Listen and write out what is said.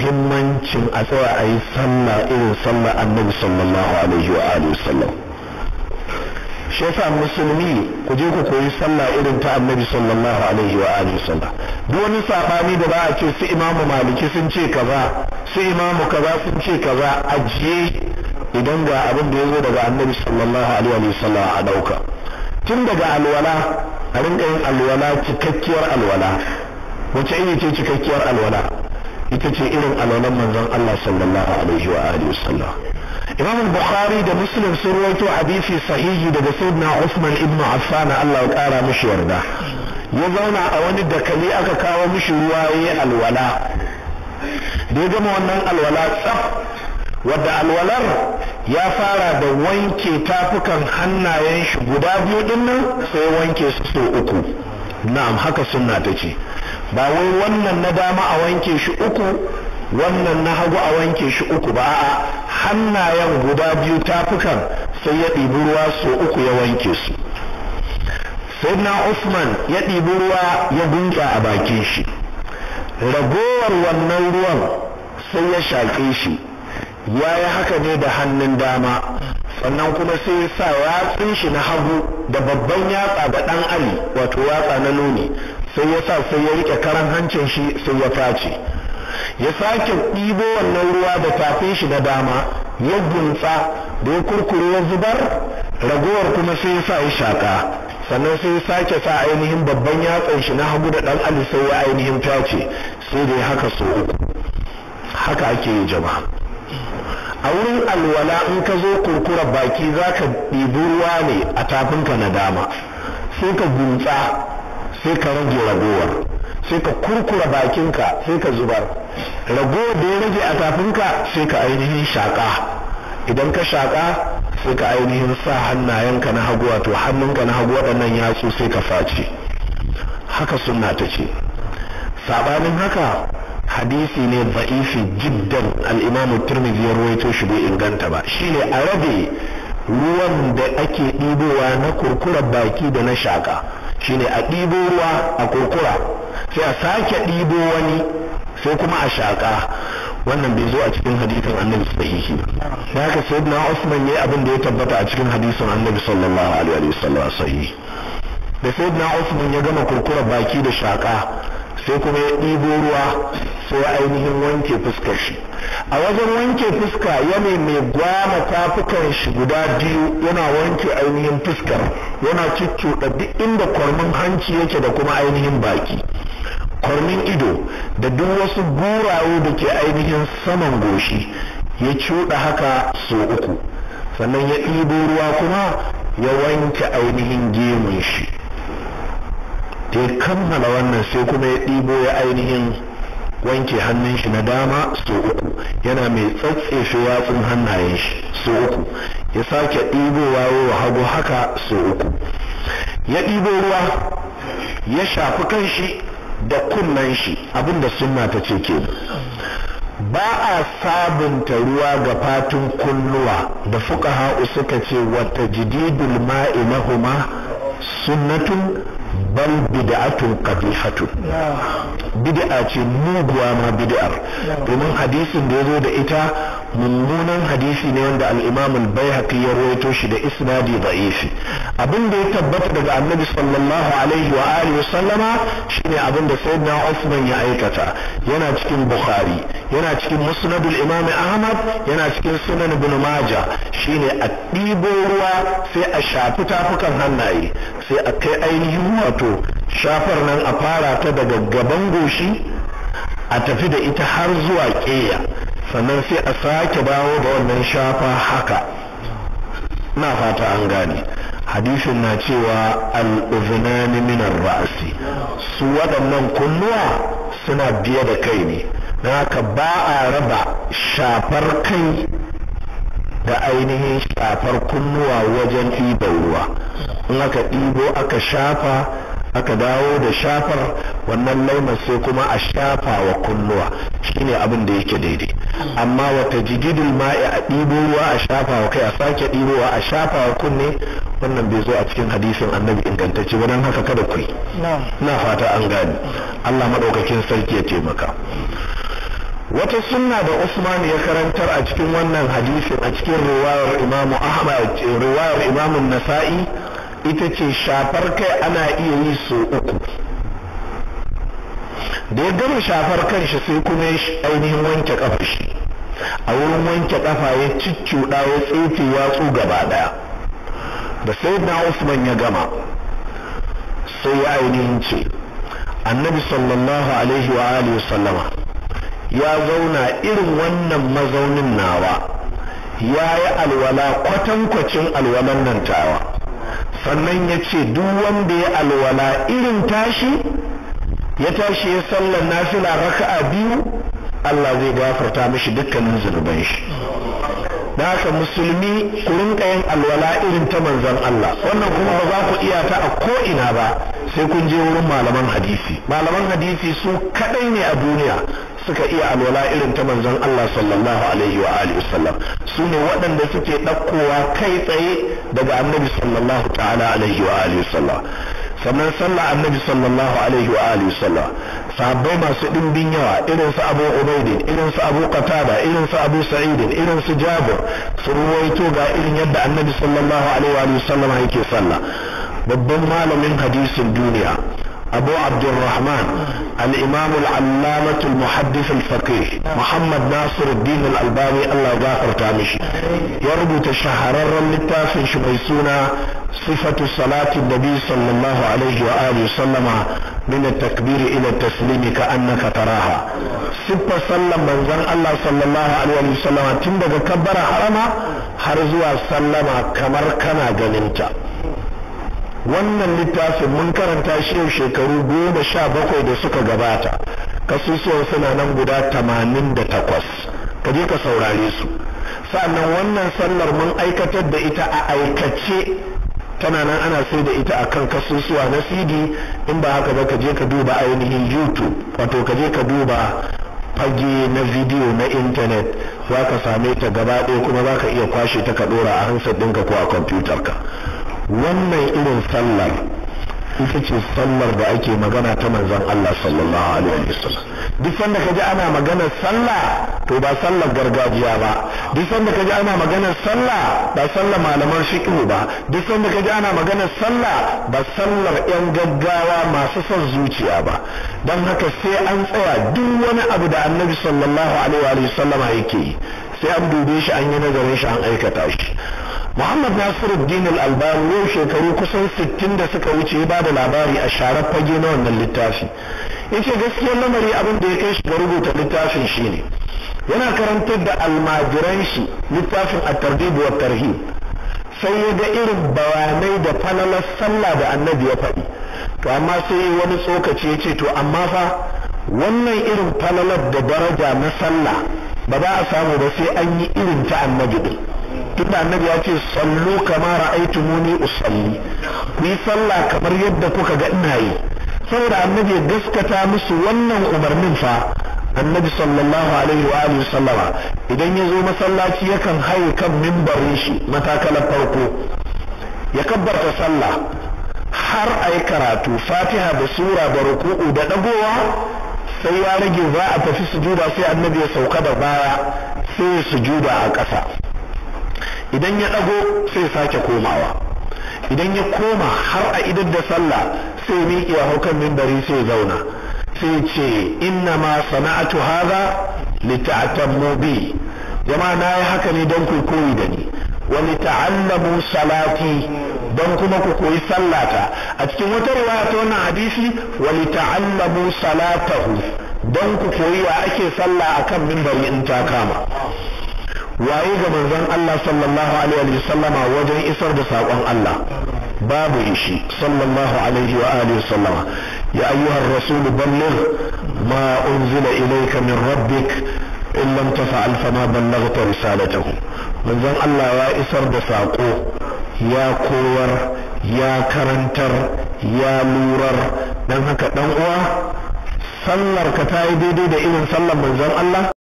muhimmancin a tsaya a yi sallah irin sallah annabi sallallahu alaihi wa alihi wasallam shi yasa musulmi ku je ku koyi sallah irin ta annabi sallallahu alaihi wa alihi wasallam duk wani sabani da ba a ce su imamu maliki sun ce kaza su imamu kaza sun ce kaza ajiye idan ga abin da ya zo daga annabi sallallahu alaihi wa sallam a dauka tun daga alwala a rinka yin alwala cikakkiyar alwala wace iri ce cikakkiyar alwala ita ce irin alwalan manzon Allah sallallahu alaihi wa alihi wasallam Imam Bukhari da Muslim sun rawaito hadisi sahihi daga Sayyidina Usman ibn Affan Allah ya kara mishi yarda ya zauna a wani dakali aka kawo mishi ruwa yayi alwala da ya gama wannan alwala tsaf wadda alwalar ya fara da wanke tafukan hannayen shi guda biyu dinnan sai wanke su so uku na'am haka sunna ta ce ba wai wannan na dama a wanke shi uku wannan na hagu a wanke shi uku ba a'a hannayen guda biyu tafukan sai ya ɗibi ruwa so uku ya wanke su sayyidina Usman ya ɗibi ruwa ya gunsa a bakin shi ragowar wannan ruwan sai ya shaƙe shi ya yi haka ne da hannun dama sannan kuma sai ya sa yatsun shi na hagu da babban yatsa ga ɗan ali wato watsa na nuni sai ya sa sai ya rike karan hancin shi sai ya face ya sake ɗibo wannan ruwa da tafin shi na dama ya gunsa da ya kurkure ya zubar ragowar kuma sai ya sa ya shaka sannan sai ya sake sa ainihin babban yatsan shi na hagu da ɗan ali sai ya ainihin face sai da haka so haka ake yi jama'a a wurin alwala in ka zo kurkura baki za ka ɗibi ruwa ne a tafinka na dama sai ka gunsa sai ka rage ragowa sai ka kurkura bakinka sai ka zubar ragowar da ya rage a tafinka sai ka ainihin shaƙa idan ka shaƙa sai ka ainihin sa hannayenka na haguwa to hannunka na hagu waɗannan yatsu sai ka face haka sunna ta ce saɓanin haka hadisi ne ba'ifi jiddan al'imamu turmizi ya ruwaito shi bai inganta ba shi ne a rabe ruwan da ake ɗibowa na kurkurar baki da na shaƙa shine a ɗibo ruwa a kurkura sai a sake ɗibo wani sai kuma a shaƙa wannan bai zo a cikin hadisin annabi sahihi ba haka sayyidina Usman yayi abin da ya tabbata a cikin hadisin annabi sallallahu alaihi wa sallam sahihi da sayyidina Usman ya gama kurkura baki da shaƙa sai kuma ya ɗibo ruwa sai ainihin wanke fuskar shi a wajen wanke fuska yana mai gwama tafukan shi guda biyu yana wanke ainihin fuskar yana cuccuɗa duk inda kwarmin hanci yake da kuma ainihin baki kwarmin ido da duk wasu gurawo da ke ainihin saman goshi ya cuɗa haka so uku sannan ya ɗibo ruwa kuma ya wanke ainihin gemun shi da ya kammala wannan sai kuma ya ɗibo ya ainihin wanke hannun shi na dama so uku yana mai tsatsefe watsun hannayen shi so uku ya sake ɗibowa wa hagu haka su uku ya ɗibo ruwa ya shafi kanshi da kunnan shi abinda sunna ta ce ke ba a sabunta ruwa ga fatun kunnuwa da ha'u suka ce wata jididul ma'i lahuma sunnatun bal bid'atun qabihatu bid'a ce muguwa ma bid'ar domin hadisin da ya zo da ita mummunan hadisi ne wanda al-Imam al ya rawaito shi da isnadi fi. abin da ya tabbata daga Annabi sallallahu alaihi wa alihi wa sallama shine abin da Sayyidina Usman ya aikata yana cikin Bukhari yana cikin Musnad al Ahmad yana cikin Sunan Ibn Majah shine a ɗibo ruwa sai a shafi tafukan hannaye sai a kai ainihin wato shafar nan a fara ta daga gaban goshi a tafi da ita har zuwa ƙeya sannan sai a sake dawo da wannan shafa haka na fata an gane hadisin na cewa al'uzinani minar ra'asi su waɗannan kunnuwa suna biye da kai ne na haka ba a raba shafar kai da ainihin shafar kunnuwa wajen ɗiba ruwa in aka ɗibo aka shafa aka dawo da shafar wannan launin sai kuma a shafa wa kunnuwa shine abin da yake daidai amma wata ma ma'i a ɗibo ruwa a shafa wa kai a sake ɗibowa a shafa wa kunne wannan bai zo a cikin hadisin annabi ingantacce ba don haka kada ku na fata an gane Allah maɗaukakin sarki ya taimaka wata sunna da Usman ya karantar a cikin wannan hadisin a cikin riwayar imamu Ahmad riwayar imamun Nasa'i ita ce shafar kai ana iya yi so uku da ya gama shafar kanshi sai kuma ya ainihin wanke kafar a wurin wanke kafa ya ciccuɗa ya tsefe watsu gaba daya da sai na usman ya gama sai ya ainihin ce annabi sallallahu alaihi wa alihi sallama ya zauna irin wannan mazaunin nawa ya yi alwala kwatankwacin alwalan nan tawa sannan ya ce duk wanda ya alwala irin tashi ya tashi ya sallar nafila raka'a biyu Allah zai gafarta mishi dukkanin zunuban shi da haka musulmi ku rinka alwala irin ta manzan Allah wannan kuma ba za ku iya ta a ko ina ba sai kun je wurin malaman hadisi malaman hadisi su kadai ne a duniya suka iya alwala irin ta manzan Allah sallallahu alaihi wa alihi wasallam su ne waɗanda suke ɗaukowa kai tsaye daga annabi sallallahu ta'ala alaihi wa alihi wasallam sannan sallah annabi sallallahu alaihi wa alihi sallam sahabbai masu dimbin yawa irin su Abu Ubaidin irin su Abu Qatada irin su Abu Sa'id irin su Jabir su ruwaito ga irin yadda annabi sallallahu alaihi wa alihi sallam yake sallah babban malamin hadisin duniya أبو عبد الرحمن الإمام العلامة المحدث الفقيه محمد ناصر الدين الألباني الله يغفر تامش يربط شهررا للتافن شبيسونا صفة صلاة النبي صلى الله عليه وآله وسلم من التكبير إلى التسليم كأنك تراها صفة صلى من زن الله صلى الله عليه وسلم تندك كبر حرما حرزوا سلم كمر كما جننت wannan littafin mun karanta shi yau shekaru goma sha bakwai da suka gabata kasusuwan suna nan guda tamanin da takwas ka je ka saurare su sa'annan wannan sallar mun aikatar da ita a aikace tana nan ana sai da ita akan kasusuwa na cd in ba haka ba ka je ka duba ainihin youtube wato ka je ka duba fage na bidiyo na intanet za ka same ta gaba ɗaya kuma za ka iya kwashe ta ka ɗora a hansar ɗinka ko a kwamfutarka wannan irin sallar ita ce sallar da ake magana ta manzon Allah sallallahu alaihi wasallam duk sanda ji ana magana sallah to ba sallar gargajiya ba duk sanda ji ana magana sallah ba sallar malaman fiqh ba duk sanda ji ana magana sallah ba sallar yan gaggawa masu son zuciya ba dan haka sai an tsaya duk wani abu da Annabi sallallahu alaihi wasallama yake sai an dube shi an yi nazarin shi an aikata shi Muhammad Nasiruddin Al-Albani yau shekaru kusan 60 da suka wuce ba da labari a sharar fage na wannan littafi. Yace gaskiyar lamari abin da ya kai shi ga rubuta littafin shine yana karantar da almajiran shi littafin at watarhi wa tarhib sai ya ga irin bayanai da falalar sallah da annabi ya faɗi to amma sai wani tsokaci ya ce to amma fa wannan irin falalar da daraja na sallah ba za a samu ba sai an yi irin ta annabi din tunda annabi ya ce sallu kama ra'aytumuni usalli ku yi sallah kamar yadda kuka ga ina yi saboda annabi ya gaskata musu wannan umarnin fa annabi sallallahu alaihi wa alihi sallama idan ya zo masallaci yakan haye kan mimbarin shi matakalar farko ya kabbarta sallah har a yi karatu fatiha da sura da ruku'u da dagowa sai ya rage za a tafi sujuda sai annabi ya sauka da baya sai ya sujuda a ƙasa idan ya ɗago sai sake komawa idan ya koma har a idan da sallah sai miƙe a haukan mimbari sai zauna sai ce inna ma sana'atu haza lita'tammu bi jama'a na yi haka ne don ku koyi da ni wa ta'allamu salati don kuma ku koyi sallata a cikin wata riwaya ta wannan hadisi wani ta'allamu salatahu don ku koyi wa ake sallah akan mimbari in ta kama waye ga manzon Allah sallallahu alaihi wa sallama wajen isar da sakon Allah babu shi sallallahu alaihi wa alihi wa sallama ya ayyuhar rasul balligh ma unzila ilayka min rabbik in lam tafa'al fama ballaghta risalatahu manzon Allah ya isar da sako ya koyar ya karantar ya lurar dan haka dan uwa sallar ka ta yi daidai da irin sallar manzon Allah